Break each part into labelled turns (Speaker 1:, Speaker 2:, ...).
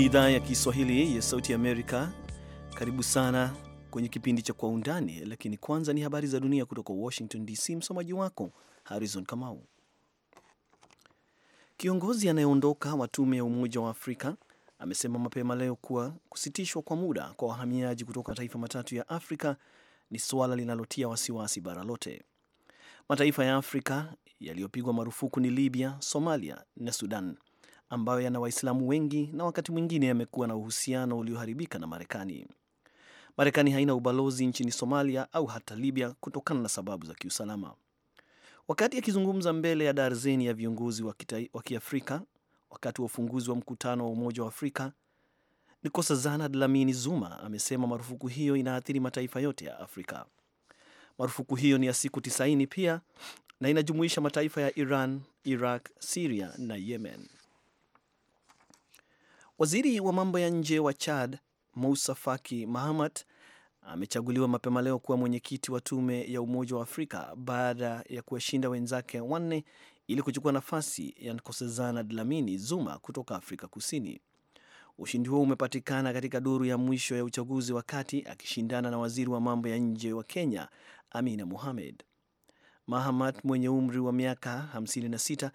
Speaker 1: ni idhaa ya Kiswahili ya Sauti Amerika. Karibu sana kwenye kipindi cha Kwa Undani, lakini kwanza ni habari za dunia kutoka Washington DC. Msomaji wako Harrison Kamau. Kiongozi anayeondoka wa tume ya Umoja wa Afrika amesema mapema leo kuwa kusitishwa kwa muda kwa wahamiaji kutoka mataifa matatu ya Afrika ni suala linalotia wasiwasi bara lote. Mataifa ya Afrika yaliyopigwa marufuku ni Libya, Somalia na Sudan ambayo yana Waislamu wengi na wakati mwingine yamekuwa na uhusiano ulioharibika na Marekani. Marekani haina ubalozi nchini Somalia au hata Libya kutokana na sababu za kiusalama. Wakati akizungumza mbele ya darzeni ya viongozi wa Kiafrika wakati wa ufunguzi wa mkutano wa Umoja wa Afrika, Nkosazana Dlamini Zuma amesema marufuku hiyo inaathiri mataifa yote ya Afrika. Marufuku hiyo ni ya siku 90 pia na inajumuisha mataifa ya Iran, Iraq, Siria na Yemen. Waziri wa mambo ya nje wa Chad Musa Faki Mahamat amechaguliwa mapema leo kuwa mwenyekiti wa tume ya Umoja wa Afrika baada ya kuwashinda wenzake wanne ili kuchukua nafasi ya Nkosazana Dlamini Zuma kutoka Afrika Kusini. Ushindi huo umepatikana katika duru ya mwisho ya uchaguzi wa kati akishindana na waziri wa mambo ya nje wa Kenya Amina Mohamed. Mahamat mwenye umri wa miaka 56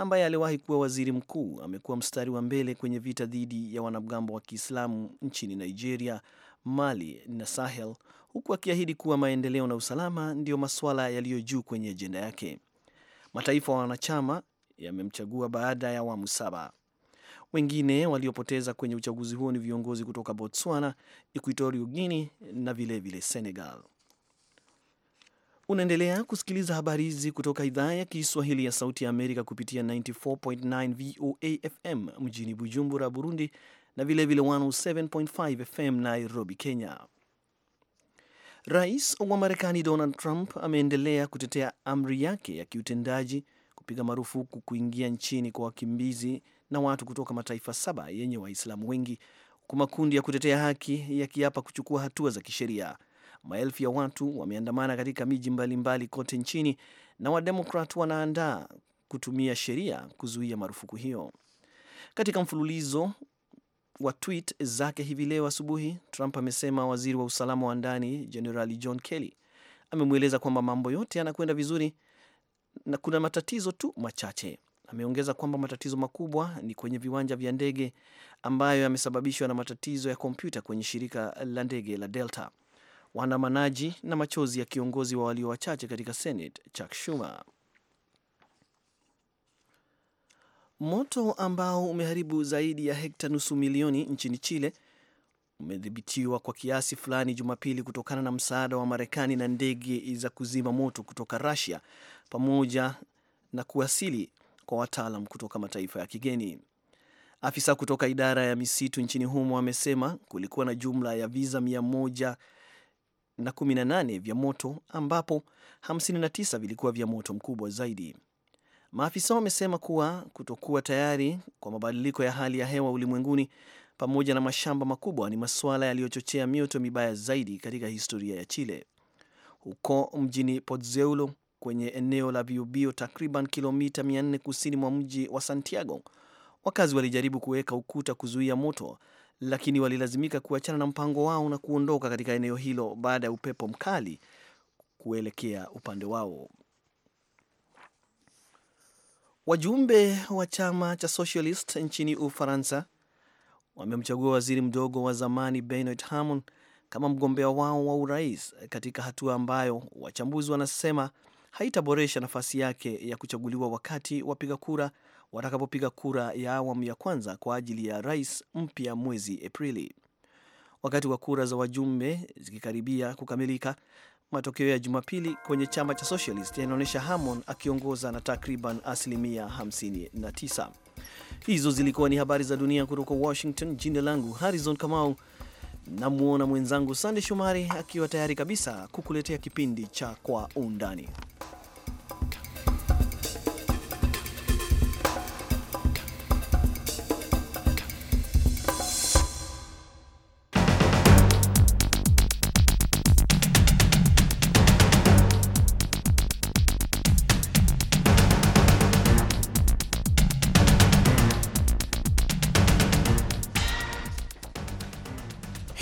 Speaker 1: ambaye aliwahi kuwa waziri mkuu, amekuwa mstari wa mbele kwenye vita dhidi ya wanamgambo wa Kiislamu nchini Nigeria, Mali na Sahel, huku akiahidi kuwa maendeleo na usalama ndiyo masuala yaliyo juu kwenye ajenda yake. Mataifa wa wanachama yamemchagua baada ya awamu saba. Wengine waliopoteza kwenye uchaguzi huo ni viongozi kutoka Botswana, Equatorial Guinea na vilevile vile Senegal. Unaendelea kusikiliza habari hizi kutoka idhaa ya Kiswahili ya Sauti ya Amerika kupitia 94.9 VOA FM mjini Bujumbura, Burundi, na vilevile 107.5 FM Nairobi, Kenya. Rais wa Marekani Donald Trump ameendelea kutetea amri yake ya kiutendaji kupiga marufuku kuingia nchini kwa wakimbizi na watu kutoka mataifa saba yenye Waislamu wengi, huku makundi ya kutetea haki yakiapa kuchukua hatua za kisheria maelfu ya watu wameandamana katika miji mbalimbali kote nchini na Wademokrat wanaandaa kutumia sheria kuzuia marufuku hiyo. Katika mfululizo wa tweet zake hivi leo asubuhi, Trump amesema waziri wa usalama wa ndani Jenerali John Kelly amemweleza kwamba mambo yote yanakwenda vizuri na kuna matatizo tu machache. Ameongeza kwamba matatizo makubwa ni kwenye viwanja vya ndege ambayo yamesababishwa na matatizo ya kompyuta kwenye shirika la ndege la Delta waandamanaji na machozi ya kiongozi wa walio wachache katika Senate Chuck Schumer. Moto ambao umeharibu zaidi ya hekta nusu milioni nchini Chile umedhibitiwa kwa kiasi fulani Jumapili kutokana na msaada wa Marekani na ndege za kuzima moto kutoka Russia pamoja na kuwasili kwa wataalam kutoka mataifa ya kigeni. Afisa kutoka idara ya misitu nchini humo amesema kulikuwa na jumla ya visa mia moja na 18 vya moto ambapo 59 vilikuwa vya moto mkubwa zaidi. Maafisa wamesema kuwa kutokuwa tayari kwa mabadiliko ya hali ya hewa ulimwenguni pamoja na mashamba makubwa ni masuala yaliyochochea mioto mibaya zaidi katika historia ya Chile. Huko mjini Pozzuolo kwenye eneo la Biobio, takriban kilomita 400 kusini mwa mji wa Santiago, wakazi walijaribu kuweka ukuta kuzuia moto, lakini walilazimika kuachana na mpango wao na kuondoka katika eneo hilo baada ya upepo mkali kuelekea upande wao. Wajumbe wa chama cha Socialist nchini Ufaransa wamemchagua waziri mdogo wa zamani Benoit Hamon kama mgombea wao wa urais katika hatua ambayo wachambuzi wanasema haitaboresha nafasi yake ya kuchaguliwa wakati wapiga kura watakapopiga kura ya awamu ya kwanza kwa ajili ya rais mpya mwezi Aprili. Wakati wa kura za wajumbe zikikaribia kukamilika, matokeo ya Jumapili kwenye chama cha Socialist yanaonyesha Harmon akiongoza na takriban asilimia 59. Hizo zilikuwa ni habari za dunia kutoka Washington. Jina langu Harrison Kamau, namwona mwenzangu Sande Shomari akiwa tayari kabisa kukuletea kipindi cha Kwa Undani.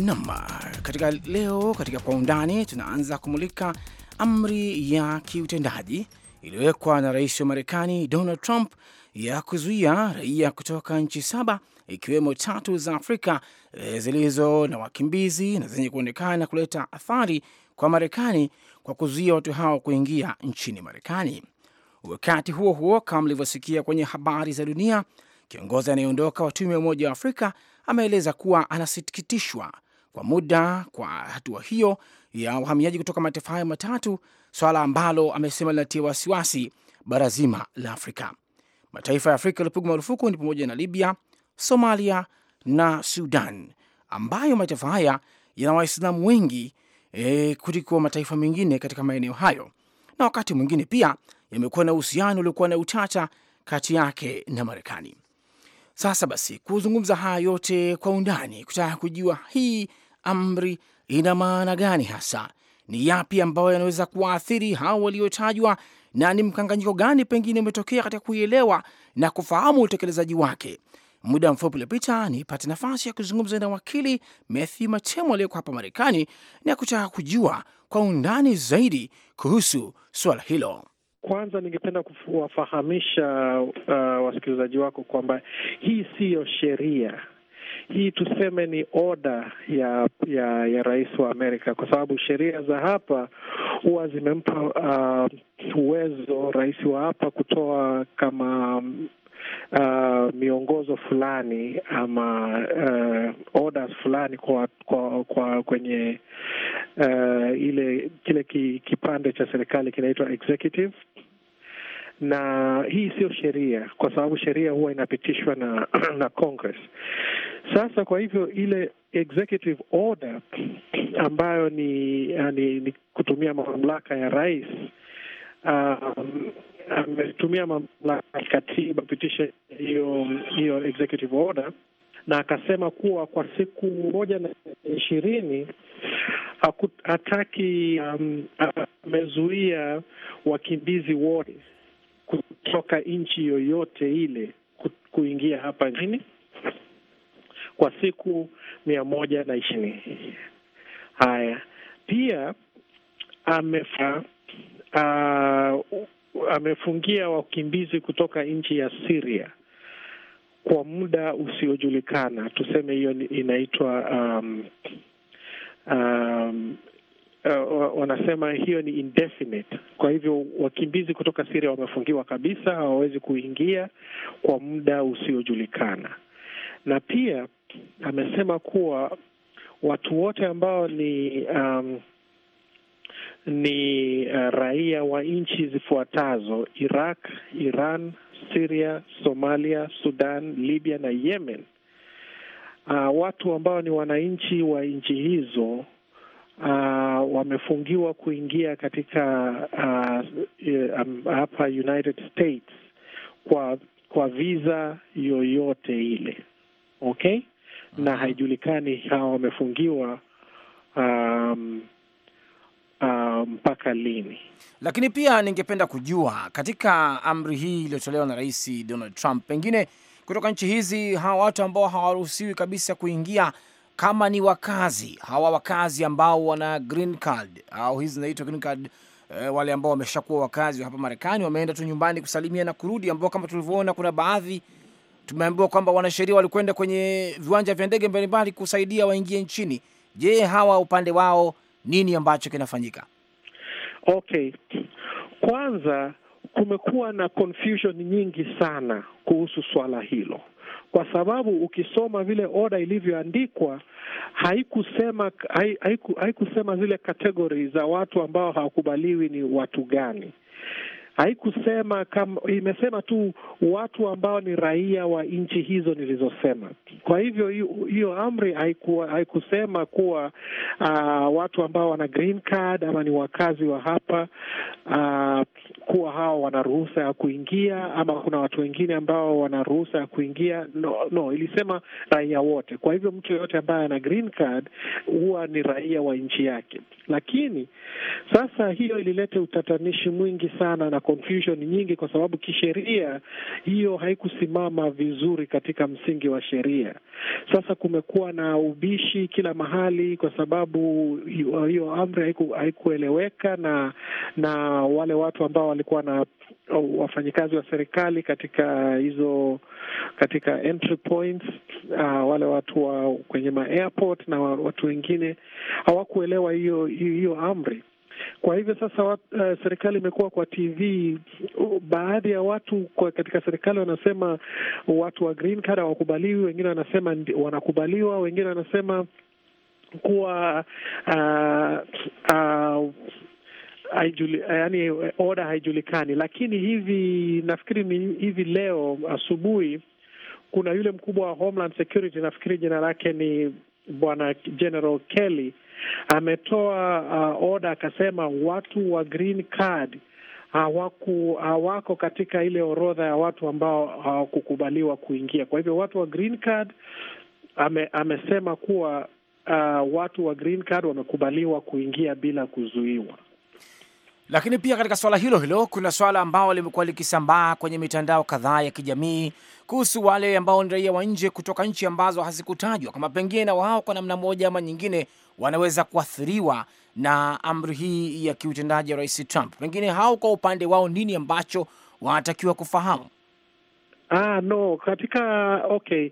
Speaker 2: nam, katika leo katika kwa undani tunaanza kumulika amri ya kiutendaji iliyowekwa na rais wa Marekani Donald Trump ya kuzuia raia kutoka nchi saba ikiwemo tatu za Afrika eh, zilizo na wakimbizi na zenye kuonekana kuleta athari kwa Marekani kwa kuzuia watu hao kuingia nchini Marekani. Wakati huo huo, kama mlivyosikia kwenye habari za dunia, kiongozi anayeondoka wa tume ya Umoja wa Afrika ameeleza kuwa anasikitishwa kwa muda kwa hatua hiyo ya wahamiaji kutoka mataifa hayo matatu, swala ambalo amesema linatia wasiwasi bara zima la Afrika. Mataifa ya Afrika yaliyopigwa marufuku ni pamoja na Libya, Somalia na Sudan, ambayo mataifa haya yana Waislamu wengi e, kuliko mataifa mengine katika maeneo hayo, na wakati mwingine pia yamekuwa na uhusiano uliokuwa na utata kati yake na Marekani. Sasa basi, kuzungumza haya yote kwa undani, kutaka kujua hii amri ina maana gani hasa? Ni yapi ambayo yanaweza kuwaathiri hao waliotajwa, na ni mkanganyiko gani pengine umetokea katika kuielewa na kufahamu utekelezaji wake? Muda mfupi uliopita nipate nafasi ya kuzungumza na wakili methi Matemo aliyeko hapa Marekani na kutaka kujua kwa undani zaidi kuhusu
Speaker 3: suala hilo. Kwanza ningependa kuwafahamisha uh, wasikilizaji wako kwamba hii siyo sheria hii tuseme ni oda ya ya ya rais wa Amerika, kwa sababu sheria za hapa huwa zimempa uh, uwezo rais wa hapa kutoa kama Uh, miongozo fulani ama uh, orders fulani kwa kwa, kwa kwenye uh, ile kile ki, kipande cha serikali kinaitwa executive, na hii sio sheria, kwa sababu sheria huwa inapitishwa na na Congress. Sasa kwa hivyo ile executive order ambayo ni, ah, ni, ni kutumia mamlaka ya rais um, ametumia mamlaka ya katiba pitisha hiyo hiyo executive order na akasema kuwa kwa siku moja na ishirini hataki um, amezuia um, wakimbizi wote kutoka nchi yoyote ile kuingia hapa nchini kwa siku mia moja na ishirini. Haya, pia amefa uh, amefungia wakimbizi kutoka nchi ya Syria kwa muda usiojulikana. Tuseme hiyo inaitwa um, um, uh, wanasema hiyo ni indefinite. Kwa hivyo wakimbizi kutoka Syria wamefungiwa kabisa, hawawezi kuingia kwa muda usiojulikana, na pia amesema kuwa watu wote ambao ni um, ni uh, raia wa nchi zifuatazo Iraq, Iran, siria Somalia, Sudan, Libya na Yemen. Uh, watu ambao ni wananchi wa nchi hizo uh, wamefungiwa kuingia katika uh, eh, um, hapa United States kwa kwa visa yoyote ile, okay. Mm-hmm. na haijulikani hawa wamefungiwa um, um mpaka um, lini.
Speaker 2: Lakini pia ningependa kujua katika amri hii iliyotolewa na Rais Donald Trump, pengine kutoka nchi hizi hawa watu ambao hawaruhusiwi kabisa kuingia kama ni wakazi hawa wakazi ambao wana green card au hizi zinaitwa green card e, wale ambao wameshakuwa wakazi wa hapa Marekani wameenda tu nyumbani kusalimia na kurudi, ambao kama tulivyoona kuna baadhi tumeambiwa kwamba wanasheria walikwenda kwenye viwanja vya ndege mbalimbali kusaidia waingie nchini. Je,
Speaker 3: hawa upande wao nini ambacho kinafanyika? Okay, kwanza kumekuwa na confusion nyingi sana kuhusu swala hilo, kwa sababu ukisoma vile oda ilivyoandikwa haikusema haiku, haikusema zile kategori za watu ambao hawakubaliwi ni watu gani haikusema kama, imesema tu watu ambao ni raia wa nchi hizo nilizosema. Kwa hivyo hiyo amri haiku, haikusema kuwa uh, watu ambao wana green card ama ni wakazi wa hapa uh, kuwa hao wana ruhusa ya kuingia ama kuna watu wengine ambao wana ruhusa ya kuingia. No, no, ilisema raia wote. Kwa hivyo mtu yoyote ambaye ana green card huwa ni raia wa nchi yake, lakini sasa hiyo ilileta utatanishi mwingi sana na confusion nyingi, kwa sababu kisheria hiyo haikusimama vizuri katika msingi wa sheria. Sasa kumekuwa na ubishi kila mahali, kwa sababu hiyo amri haiku, haikueleweka na na wale watu ambao walikuwa na wafanyikazi wa serikali katika hizo katika entry points, uh, wale watu wa kwenye ma airport na watu wengine hawakuelewa hiyo hiyo amri. Kwa hivyo sasa wat, uh, serikali imekuwa kwa TV. Baadhi ya watu kwa katika serikali wanasema watu wa green card hawakubaliwi, wengine wanasema wanakubaliwa, wengine wanasema kuwa uh, uh, haijuli, yani eh, oda haijulikani, lakini hivi nafikiri ni hivi leo asubuhi kuna yule mkubwa wa Homeland Security, nafikiri jina lake ni Bwana General Kelly ametoa uh, oda akasema watu wa green card hawaku hawako katika ile orodha ya watu ambao hawakukubaliwa kuingia. Kwa hivyo watu wa green card ame, amesema kuwa uh, watu wa green card wamekubaliwa kuingia bila kuzuiwa. Lakini pia
Speaker 2: katika swala hilo hilo kuna swala ambao limekuwa likisambaa kwenye mitandao kadhaa ya kijamii kuhusu wale ambao ni raia wa nje kutoka nchi ambazo hazikutajwa, kama pengine na wao kwa namna moja ama nyingine wanaweza kuathiriwa na amri hii ya kiutendaji ya Rais Trump. Pengine
Speaker 3: hao kwa upande wao nini
Speaker 2: ambacho wanatakiwa kufahamu?
Speaker 3: Ah, no katika okay,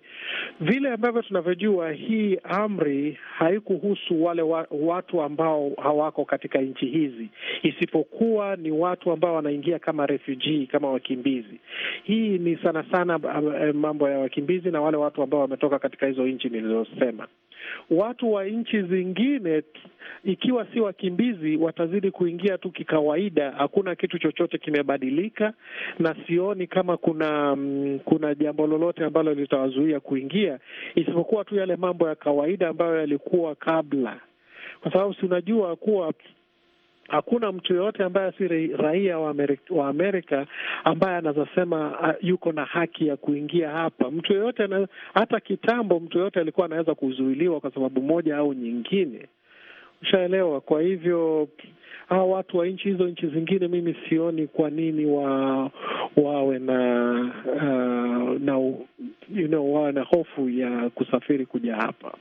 Speaker 3: vile ambavyo tunavyojua, hii amri haikuhusu wale wa, watu ambao hawako katika nchi hizi, isipokuwa ni watu ambao wanaingia kama refugee, kama wakimbizi. Hii ni sana sana eh, mambo ya wakimbizi na wale watu ambao wametoka katika hizo nchi nilizosema watu wa nchi zingine, ikiwa si wakimbizi, watazidi kuingia tu kikawaida. Hakuna kitu chochote kimebadilika, na sioni kama kuna mm, kuna jambo lolote ambalo litawazuia kuingia, isipokuwa tu yale mambo ya kawaida ambayo yalikuwa kabla, kwa sababu si unajua kuwa Hakuna mtu yoyote ambaye si raia wa Amerika, wa Amerika ambaye anaweza sema uh, yuko na haki ya kuingia hapa. Mtu yoyote hata kitambo, mtu yoyote alikuwa anaweza kuzuiliwa kwa sababu moja au nyingine, ushaelewa. Kwa hivyo hawa watu wa nchi hizo nchi zingine, mimi sioni kwa nini wa wawe na uh, na you know, wakawa na hofu ya kusafiri kuja hapa,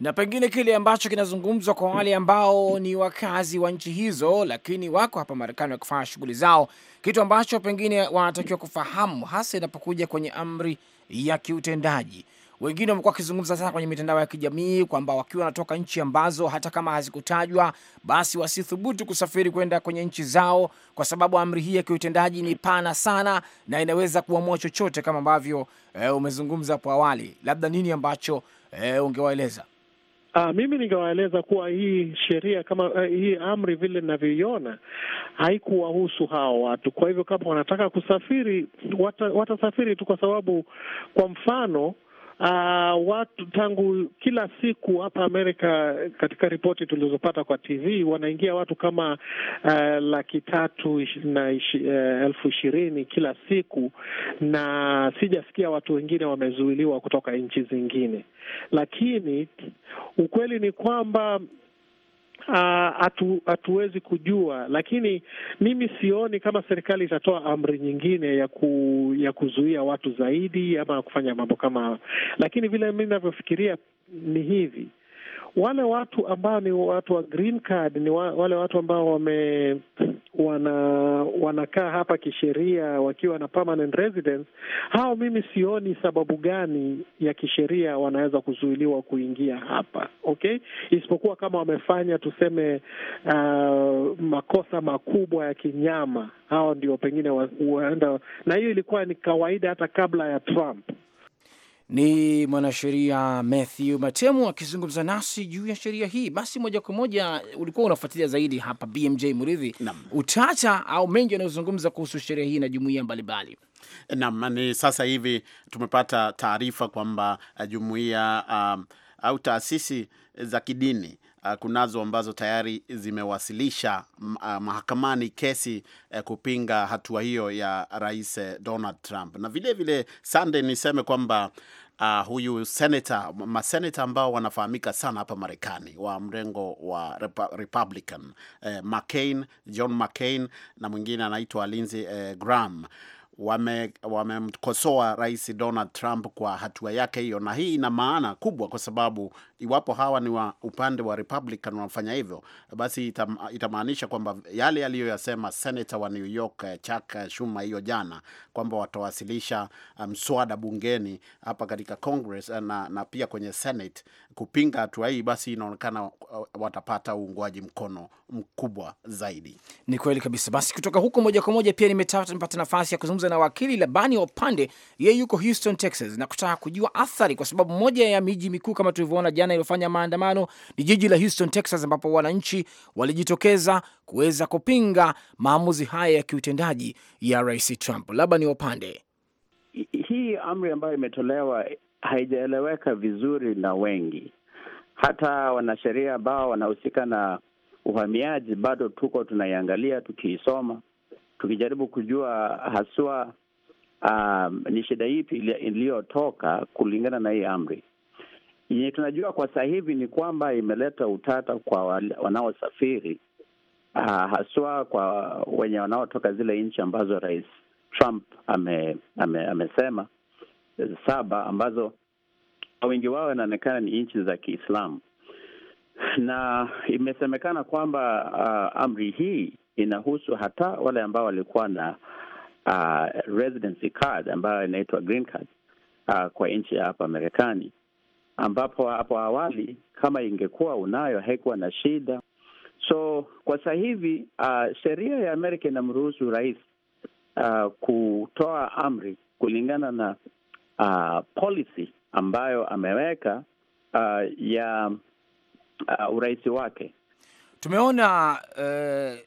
Speaker 2: na pengine kile ambacho kinazungumzwa kwa wale ambao ni wakazi wa nchi hizo, lakini wako hapa Marekani wakifanya shughuli zao, kitu ambacho pengine wanatakiwa kufahamu, hasa inapokuja kwenye amri ya kiutendaji wengine wamekuwa wakizungumza sana kwenye mitandao ya kijamii kwamba wakiwa wanatoka nchi ambazo hata kama hazikutajwa basi wasithubutu kusafiri kwenda kwenye nchi zao, kwa sababu amri hii ya kiutendaji ni pana sana na inaweza kuamua chochote, kama ambavyo e, umezungumza hapo awali. Labda nini ambacho e, ungewaeleza? Uh, mimi
Speaker 3: ningewaeleza kuwa hii sheria kama uh, hii amri vile ninavyoiona haikuwahusu hawa watu. Kwa hivyo kama wanataka kusafiri watasafiri wata tu, kwa sababu kwa mfano Uh, watu tangu kila siku hapa Amerika, katika ripoti tulizopata kwa TV, wanaingia watu kama uh, laki tatu na ishi, uh, elfu ishirini kila siku, na sijasikia watu wengine wamezuiliwa kutoka nchi zingine, lakini ukweli ni kwamba Ah, hatuwezi uh, kujua, lakini mimi sioni kama serikali itatoa amri nyingine ya ku, ya kuzuia watu zaidi ama kufanya mambo kama, lakini vile mi navyofikiria ni hivi wale watu ambao ni watu wa green card ni wa, wale watu ambao wame wana wanakaa hapa kisheria wakiwa na permanent residence. Hao mimi sioni sababu gani ya kisheria wanaweza kuzuiliwa kuingia hapa, okay, isipokuwa kama wamefanya tuseme, uh, makosa makubwa ya kinyama. Hao ndio pengine huenda, na hiyo ilikuwa ni kawaida hata kabla ya Trump.
Speaker 2: Ni mwanasheria Matthew Matemu akizungumza nasi juu ya sheria hii. Basi moja kwa moja, ulikuwa unafuatilia zaidi hapa BMJ Muridhi, utata au mengi yanayozungumza kuhusu sheria hii na jumuiya mbalimbali.
Speaker 4: nam. ni sasa hivi tumepata taarifa kwamba uh, jumuiya um, au taasisi za kidini uh, kunazo ambazo tayari zimewasilisha uh, mahakamani kesi uh, kupinga hatua hiyo ya Rais eh, Donald Trump. Na vile vile Sunday, niseme kwamba Uh, huyu senata maseneta ambao wanafahamika sana hapa Marekani wa mrengo wa Republican eh, McCain, John McCain na mwingine anaitwa Lindsey eh, Graham wamemkosoa wame Rais Donald Trump kwa hatua yake hiyo, na hii ina maana kubwa, kwa sababu iwapo hawa ni wa upande wa Republican wanafanya hivyo, basi itam, itamaanisha kwamba yale yaliyoyasema senator wa New York eh, Chuck Schumer hiyo jana kwamba watawasilisha eh, mswada um, bungeni hapa katika Congress eh, na, na pia kwenye Senate kupinga hatua hii, basi inaonekana watapata uungwaji mkono mkubwa zaidi.
Speaker 2: Ni kweli kabisa. Basi kutoka huko moja kwa moja pia nimepata nafasi ya kuzungumza nimezungumza na wakili Labani Opande, yeye yuko Houston, Texas, na kutaka kujua athari, kwa sababu moja ya miji mikuu kama tulivyoona jana iliyofanya maandamano ni jiji la Houston, Texas, ambapo wananchi walijitokeza kuweza kupinga maamuzi haya ya kiutendaji ya Rais Trump. Labani Opande,
Speaker 5: hii amri ambayo imetolewa haijaeleweka vizuri na wengi, hata wanasheria ambao wanahusika na uhamiaji bado tuko tunaiangalia tukiisoma tukijaribu kujua haswa um, ni shida ipi iliyotoka kulingana na hii amri yenye tunajua kwa sasa hivi ni kwamba imeleta utata kwa wanaosafiri uh, haswa kwa wenye wanaotoka zile nchi ambazo Rais Trump ame, ame, amesema saba ambazo wengi wao inaonekana ni nchi za Kiislamu, na imesemekana kwamba uh, amri hii inahusu hata wale ambao walikuwa na uh, residency card ambayo inaitwa green card uh, kwa nchi ya hapa Marekani, ambapo hapo awali kama ingekuwa unayo haikuwa na shida. So kwa sasa hivi uh, sheria ya Amerika inamruhusu rais uh, kutoa amri kulingana na uh, policy ambayo ameweka uh, ya uh, urais wake
Speaker 2: Tumeona eh,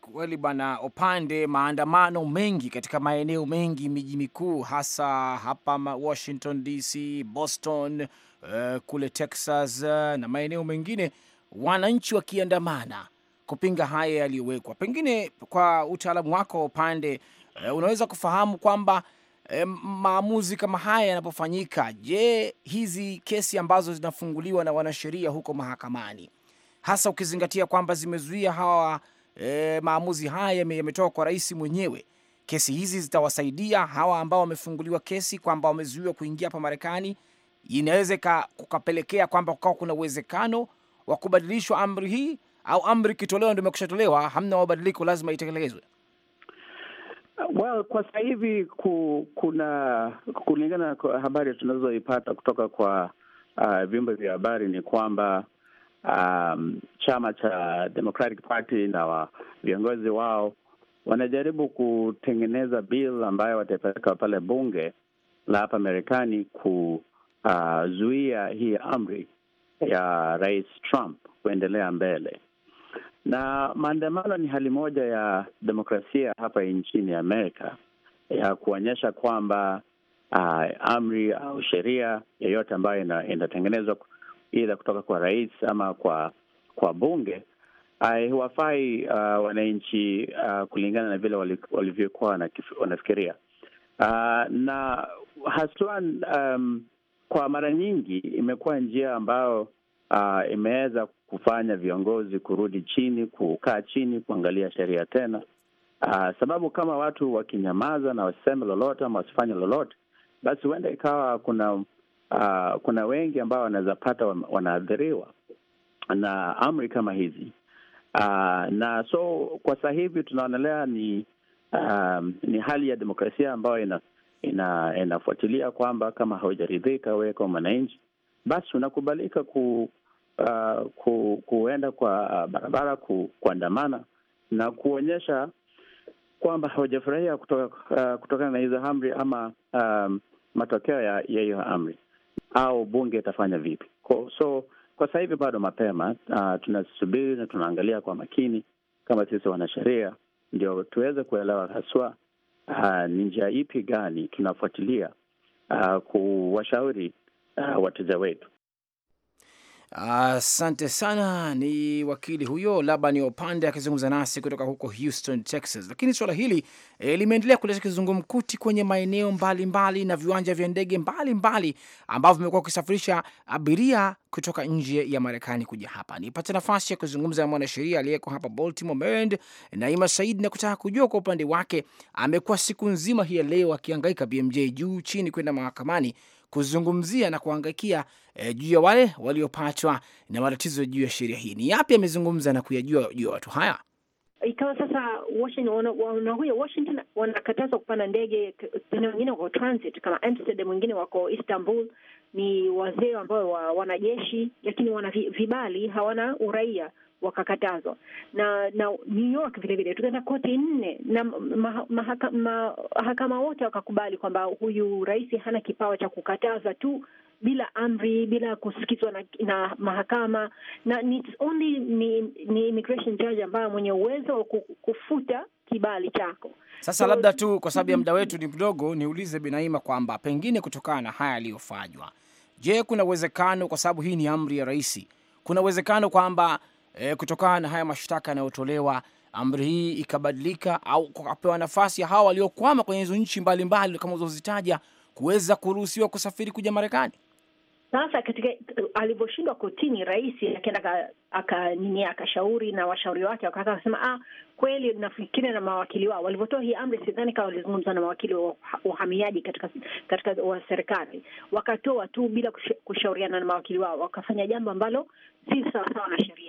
Speaker 2: kweli uh, bwana Opande, maandamano mengi katika maeneo mengi miji mikuu, hasa hapa Washington DC, Boston, uh, kule Texas uh, na maeneo mengine, wananchi wakiandamana kupinga haya yaliyowekwa. Pengine kwa utaalamu wako wa Opande, uh, unaweza kufahamu kwamba maamuzi kama haya yanapofanyika, je, hizi kesi ambazo zinafunguliwa na wanasheria huko mahakamani hasa ukizingatia kwamba zimezuia hawa e, maamuzi haya yametoka kwa rais mwenyewe. Kesi hizi zitawasaidia hawa ambao wamefunguliwa kesi kwamba wamezuiwa kuingia hapa Marekani. Inaweza kukapelekea kwamba kukawa kuna uwezekano wa kubadilishwa amri hii, au amri ikitolewa ndio imekushatolewa, hamna mabadiliko, lazima itekelezwe.
Speaker 5: Well, kwa sasa hivi ku, kuna kulingana na habari tunazoipata kutoka kwa uh, vyombo vya habari ni kwamba um, chama cha Democratic Party na wa, viongozi wao wanajaribu kutengeneza bill ambayo wataipeleka pale bunge la hapa Marekani kuzuia uh, hii amri ya Rais Trump kuendelea mbele. Na maandamano ni hali moja ya demokrasia hapa nchini Amerika ya kuonyesha kwamba uh, amri au sheria yoyote ambayo inatengenezwa idha kutoka kwa rais ama kwa kwa bunge haiwafai uh, wananchi uh, kulingana na vile walivyokuwa wanafikiria uh, na haswa um, kwa mara nyingi imekuwa njia ambayo uh, imeweza kufanya viongozi kurudi chini, kukaa chini, kuangalia sheria tena uh, sababu kama watu wakinyamaza na wasiseme lolote ama wasifanye lolote, basi huenda ikawa kuna uh, kuna wengi ambao wanaweza pata wanaathiriwa na amri kama hizi uh, na so kwa sasa hivi tunaonelea ni um, ni hali ya demokrasia ambayo ina ina inafuatilia kwamba kama haujaridhika wewe kama mwananchi, basi unakubalika ku, uh, ku, kuenda kwa barabara ku, kuandamana na kuonyesha kwamba haujafurahia kutokana uh, kutokana na hizo amri ama um, matokeo ya hiyo amri au bunge itafanya vipi? Kwa, so kwa sasa hivi bado mapema. Uh, tunasubiri na tunaangalia kwa makini kama sisi wanasheria, ndio tuweze kuelewa haswa uh, ni njia ipi gani tunafuatilia uh, kuwashauri uh, wateja wetu
Speaker 2: Asante uh, sana. Ni wakili huyo Labani Opande akizungumza nasi kutoka huko Houston, Texas. Lakini suala hili eh, limeendelea kuleta kizungumkuti kwenye maeneo mbalimbali na viwanja vya ndege mbalimbali ambavyo vimekuwa kusafirisha abiria kutoka nje ya Marekani kuja hapa. Nipate nafasi ya kuzungumza na mwanasheria aliyeko hapa Baltimore, Maryland, Naima Said, na kutaka kujua kwa upande wake. Amekuwa siku nzima hii ya leo akihangaika bmj juu chini kwenda mahakamani kuzungumzia na kuangaikia e, eh, juu ya wale waliopatwa na matatizo juu ya sheria hii. Ni yapi amezungumza na kuyajua juu ya watu haya?
Speaker 6: Ikawa sasa wanakuja Washington, wanakatazwa kupanda ndege. Tena wengine wako transit kama Amsterdam, wengine wako Istanbul. Ni wazee ambao wa, wanajeshi lakini wana vibali, hawana uraia wakakatazwa na na New York vilevile, tukaenda koti nne na mahakama ma, ma, wote wakakubali kwamba huyu rais hana kipawa cha kukataza tu bila amri, bila kusikizwa na, na mahakama, na ni only ni, ni immigration judge ambaye mwenye uwezo wa kufuta kibali chako. Sasa so, labda tu kwa sababu ya mm-hmm. muda
Speaker 2: wetu ni mdogo, niulize Binaima kwamba pengine kutokana na haya yaliyofanywa, je, kuna uwezekano kwa sababu hii ni amri ya rais, kuna uwezekano kwamba e, kutokana na haya mashtaka yanayotolewa, amri hii ikabadilika au kapewa nafasi hawa waliokwama kwenye hizo nchi mbalimbali kama ulizozitaja kuweza kuruhusiwa kusafiri kuja Marekani?
Speaker 6: Sasa katika alivyoshindwa kotini, rais akaenda akanini akashauri na washauri wake wakaka wakasema, ah, kweli nafikiri na mawakili wao walivyotoa hii amri, sidhani kama walizungumza na mawakili wa uhamiaji katika katika wa serikali, wakatoa tu bila kushauriana na mawakili wao, wakafanya jambo ambalo si sawasawa na sheria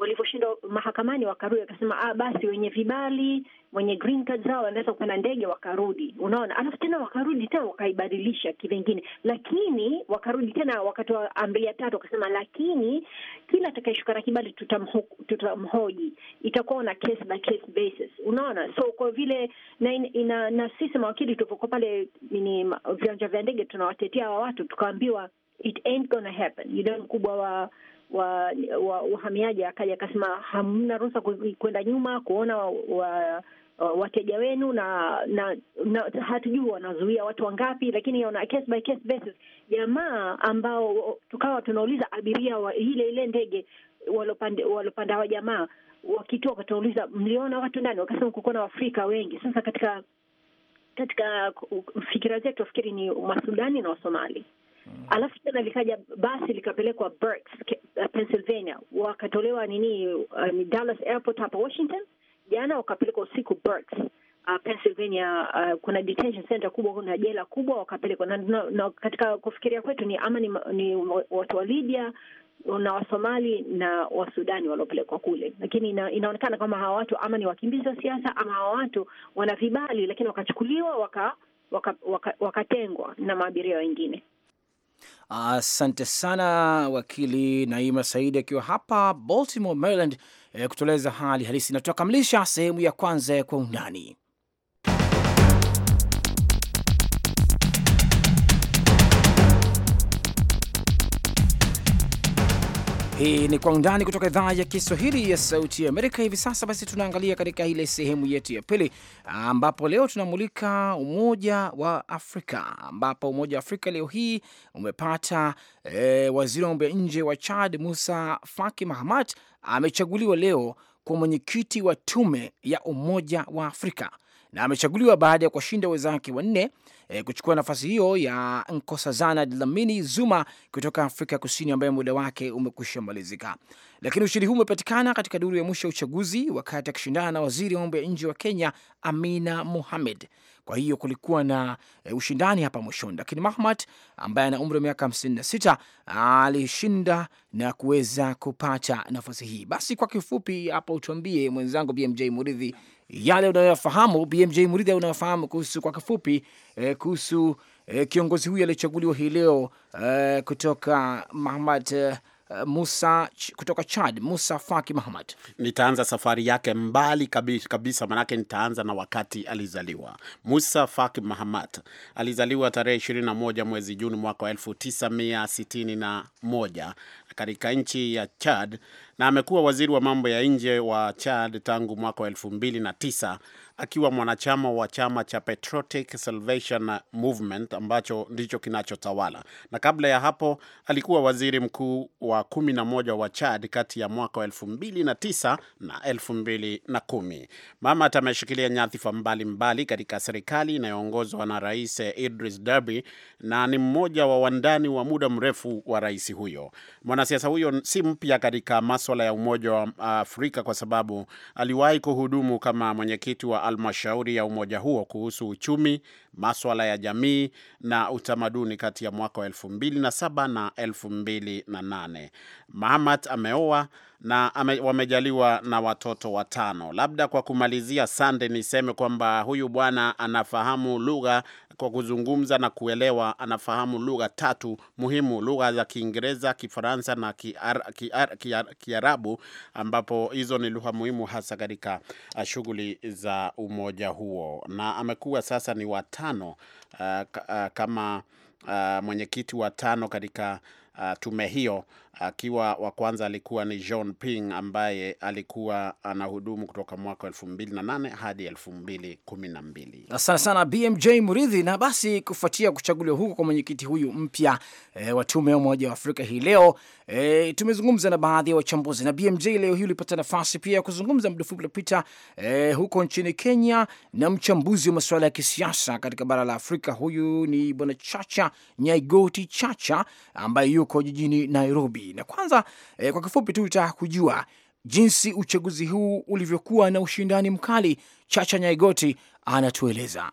Speaker 6: walivyoshindwa mahakamani wakarudi, wakasema ah, basi wenye vibali wenye green card zao wanaweza kupanda ndege wakarudi. Unaona, alafu tena wakarudi tena wakaibadilisha kivengine, lakini wakarudi tena wakatoa amri ya tatu, wakasema lakini kila atakayeshuka na kibali tutamho, tutamhoji, itakuwa na case by case basis. Unaona, so kwa vile na, ina, na sisi mawakili tulipokuwa pale ni viwanja vya ndege tunawatetea hawa watu, tukaambiwa it ain't gonna happen. mkubwa wa wa, wa uhamiaji akaja akasema hamna ruhusa kwenda nyuma kuona wa, wa, wateja wenu na, na, na hatujui wanazuia watu wangapi, lakini on case by case basis. Jamaa ambao tukawa tunauliza abiria wa ile ile ndege walopanda wa jamaa wakitoka, tunauliza mliona watu ndani, wakasema kuko na Waafrika wengi. Sasa katika katika fikira zetu, wafikiri ni Wasudani na Wasomali. Mm. alafu tena likaja basi likapelekwa Berks, uh, Pennsylvania, wakatolewa nini, uh, Dallas Airport hapa Washington jana, wakapelekwa usiku Berks, uh, Pennsylvania. Uh, kuna detention center kubwa, kuna jela kubwa, wakapelekwa na, na, na katika kufikiria kwetu ni ama ni, ni watu wa Libya na Wasomali na Wasudani waliopelekwa kule, lakini ina, inaonekana kama hawa watu ama ni wakimbizi wa siasa ama hawa watu wana vibali, lakini wakachukuliwa wakatengwa waka, waka na maabiria wengine.
Speaker 2: Asante sana wakili Naima Saidi akiwa hapa Baltimore, Maryland, eh, kutueleza hali halisi, na tutakamilisha sehemu ya kwanza ya kwa undani. Hii ni Kwa Undani kutoka idhaa ya Kiswahili ya Sauti ya Amerika. Hivi sasa basi, tunaangalia katika ile sehemu yetu ya pili, ambapo leo tunamulika Umoja wa Afrika, ambapo Umoja wa Afrika leo hii umepata e, waziri wa mambo ya nje wa Chad Musa Faki Mahamat amechaguliwa leo kwa mwenyekiti wa Tume ya Umoja wa Afrika na amechaguliwa baada ya kuwashinda wenzake wanne e, kuchukua nafasi hiyo ya Nkosazana Dlamini Zuma kutoka Afrika Kusini ambaye muda wake umekwisha malizika. Lakini ushindi huu umepatikana katika duru ya mwisho ya uchaguzi wakati akishindana na waziri wa mambo ya nje wa Kenya Amina Mohamed. Kwa hiyo kulikuwa na e, ushindani hapa mwishoni, lakini Mahmat ambaye ana umri wa miaka 56 alishinda na kuweza kupata nafasi hii. Basi kwa kifupi hapo, utuambie mwenzangu BMJ Muridhi, yale unayofahamu BMJ Muridhi, unayofahamu kuhusu kwa kifupi eh, kuhusu eh, kiongozi huyu aliyechaguliwa hii leo eh, kutoka Mahamad eh, Eh, Musa kutoka Chad,
Speaker 4: Musa Faki Muhammad. Nitaanza safari yake mbali kabisa, kabisa manake nitaanza na wakati alizaliwa. Musa Faki Mahamat alizaliwa tarehe 21 mwezi Juni mwaka wa 1961 katika nchi ya Chad na amekuwa waziri wa mambo ya nje wa Chad tangu mwaka wa 2009 akiwa mwanachama wa chama cha Patriotic Salvation Movement ambacho ndicho kinachotawala, na kabla ya hapo alikuwa waziri mkuu wa kumi na moja wa Chad kati ya mwaka wa elfu mbili na tisa na elfu mbili na kumi. Mama ameshikilia nyadhifa mbalimbali katika serikali inayoongozwa na Rais Idris Deby na ni mmoja wa wandani wa muda mrefu wa rais huyo. Mwanasiasa huyo si mpya katika maswala ya Umoja wa Afrika kwa sababu aliwahi kuhudumu kama mwenyekiti wa almashauri ya umoja huo kuhusu uchumi, maswala ya jamii na utamaduni kati ya mwaka wa 27 na 28 Mahamat ameoa na ame, wamejaliwa na watoto watano. Labda kwa kumalizia, Sande, niseme kwamba huyu bwana anafahamu lugha kwa kuzungumza na kuelewa, anafahamu lugha tatu muhimu, lugha za Kiingereza, Kifaransa na Kiarabu ambapo hizo ni lugha muhimu hasa katika uh, shughuli za umoja huo, na amekuwa sasa ni watano uh, uh kama uh, mwenyekiti wa tano katika uh, tume hiyo akiwa wa kwanza alikuwa ni John Ping ambaye alikuwa anahudumu kutoka mwaka 28 hadi elfu
Speaker 2: Asante sana BMJ Muridhi. Na basi kufuatia kuchaguliwa huko kwa mwenyekiti huyu mpya e, wa tume ya Umoja wa Afrika hii leo e, tumezungumza na baadhi ya wa wachambuzi na BMJ leo hii ulipata nafasi pia ya kuzungumza muda fupi uliopita e, huko nchini Kenya na mchambuzi wa masuala ya kisiasa katika bara la Afrika. Huyu ni Bwana Chacha Nyaigoti Chacha ambaye yuko jijini Nairobi. Na kwanza eh, kwa kifupi tu tutaka kujua jinsi uchaguzi huu ulivyokuwa na ushindani mkali. Chacha Nyaigoti anatueleza.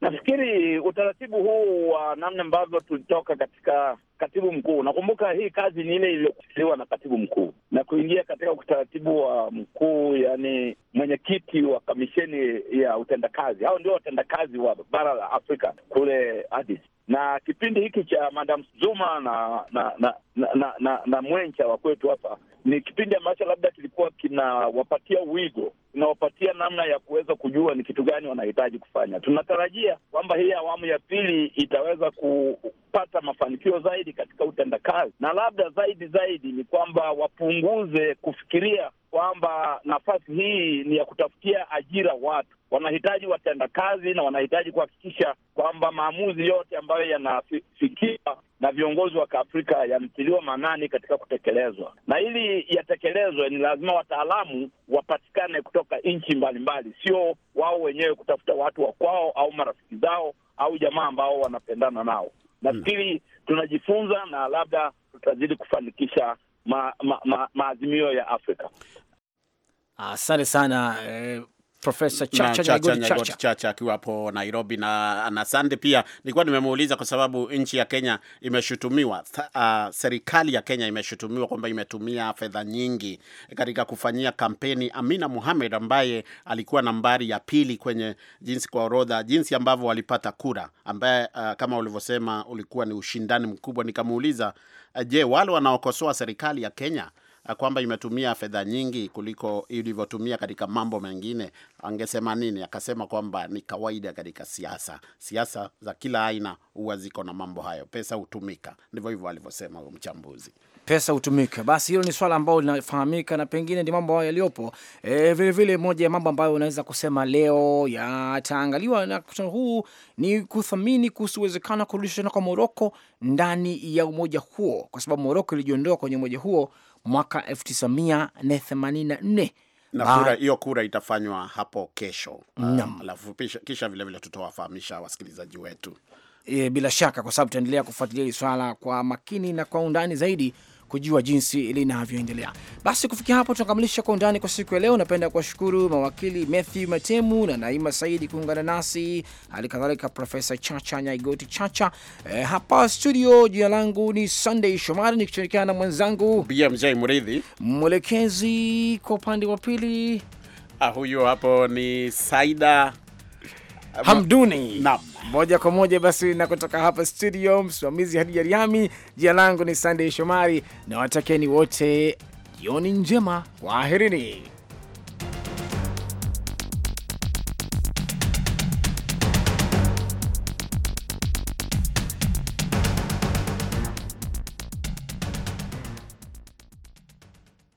Speaker 7: Nafikiri utaratibu huu wa uh, namna ambavyo tulitoka katika katibu mkuu, nakumbuka hii kazi ni ile iliyokusiliwa na katibu mkuu na kuingia katika utaratibu wa mkuu, yani mwenyekiti wa kamisheni ya utendakazi. Hao ndio watendakazi wa bara la Afrika kule Addis na kipindi hiki cha Madam Zuma na na na, na, na, na, na mwencha wa kwetu hapa ni kipindi ambacho labda kilikuwa kinawapatia wigo, kinawapatia namna ya kuweza kujua ni kitu gani wanahitaji kufanya. Tunatarajia kwamba hii awamu ya pili itaweza kupata mafanikio zaidi katika utendakazi, na labda zaidi zaidi ni kwamba wapunguze kufikiria kwamba nafasi hii ni ya kutafutia ajira watu wanahitaji watendakazi na wanahitaji kuhakikisha kwamba maamuzi yote ambayo yanafikiwa na viongozi wa Kiafrika yanatiliwa maanani katika kutekelezwa, na ili yatekelezwe ni lazima wataalamu wapatikane kutoka nchi mbalimbali, sio wao wenyewe kutafuta watu wa kwao au marafiki zao au jamaa ambao wanapendana nao. Nafikiri tunajifunza na labda tutazidi kufanikisha maazimio ma, ma, ma ya Afrika.
Speaker 2: Asante sana eh, Profesa Chacha Nyaigoti
Speaker 4: Chacha akiwa hapo Nairobi na, na Sande pia nilikuwa nimemuuliza kwa sababu nchi ya Kenya imeshutumiwa uh, serikali ya Kenya imeshutumiwa kwamba imetumia fedha nyingi katika kufanyia kampeni Amina Mohamed ambaye alikuwa nambari ya pili kwenye jinsi kwa orodha jinsi ambavyo walipata kura, ambaye uh, kama ulivyosema ulikuwa ni ushindani mkubwa. Nikamuuliza uh, je, wale wanaokosoa serikali ya Kenya Eh, kwamba imetumia fedha nyingi kuliko ilivyotumia katika mambo mengine, angesema nini? Akasema kwamba ni kawaida katika siasa, siasa za kila aina huwa ziko na mambo hayo, pesa hutumika. Ndivyo hivyo alivyosema mchambuzi
Speaker 2: pesa hutumika. Basi hilo ni swala ambalo linafahamika na pengine ndi mambo hayo yaliyopo. E, vile vile moja ya mambo ambayo unaweza kusema leo yataangaliwa na mkutano huu ni kuthamini kuhusu uwezekano wa kurudisha tena kwa Moroko ndani ya umoja huo, kwa sababu Moroko ilijiondoa kwenye umoja huo mwaka 1984 na ah.
Speaker 4: hiyo kura itafanywa hapo kesho. Ah, alafu kisha vilevile tutawafahamisha wasikilizaji wetu e, bila shaka, kwa sababu tutaendelea
Speaker 2: kufuatilia hili swala kwa makini na kwa undani zaidi kujua jinsi linavyoendelea. Basi kufikia hapo tunakamilisha Kwa Undani kwa siku ya leo. Napenda kuwashukuru mawakili Matthew Matemu na Naima Saidi kuungana nasi, hali kadhalika Profesa Chacha Nyaigoti Chacha. E, hapa studio, jina langu ni Sunday Shomari nikishirikiana na mwenzangu
Speaker 4: BMJ Mridhi, mwelekezi kwa upande wa pili ah, huyo hapo ni Saida
Speaker 2: Hamduni na moja kwa moja basi, na kutoka hapa studio, msimamizi Hadija Riami, jina langu ni sandey Shomari na watakeni wote jioni njema, kwaherini.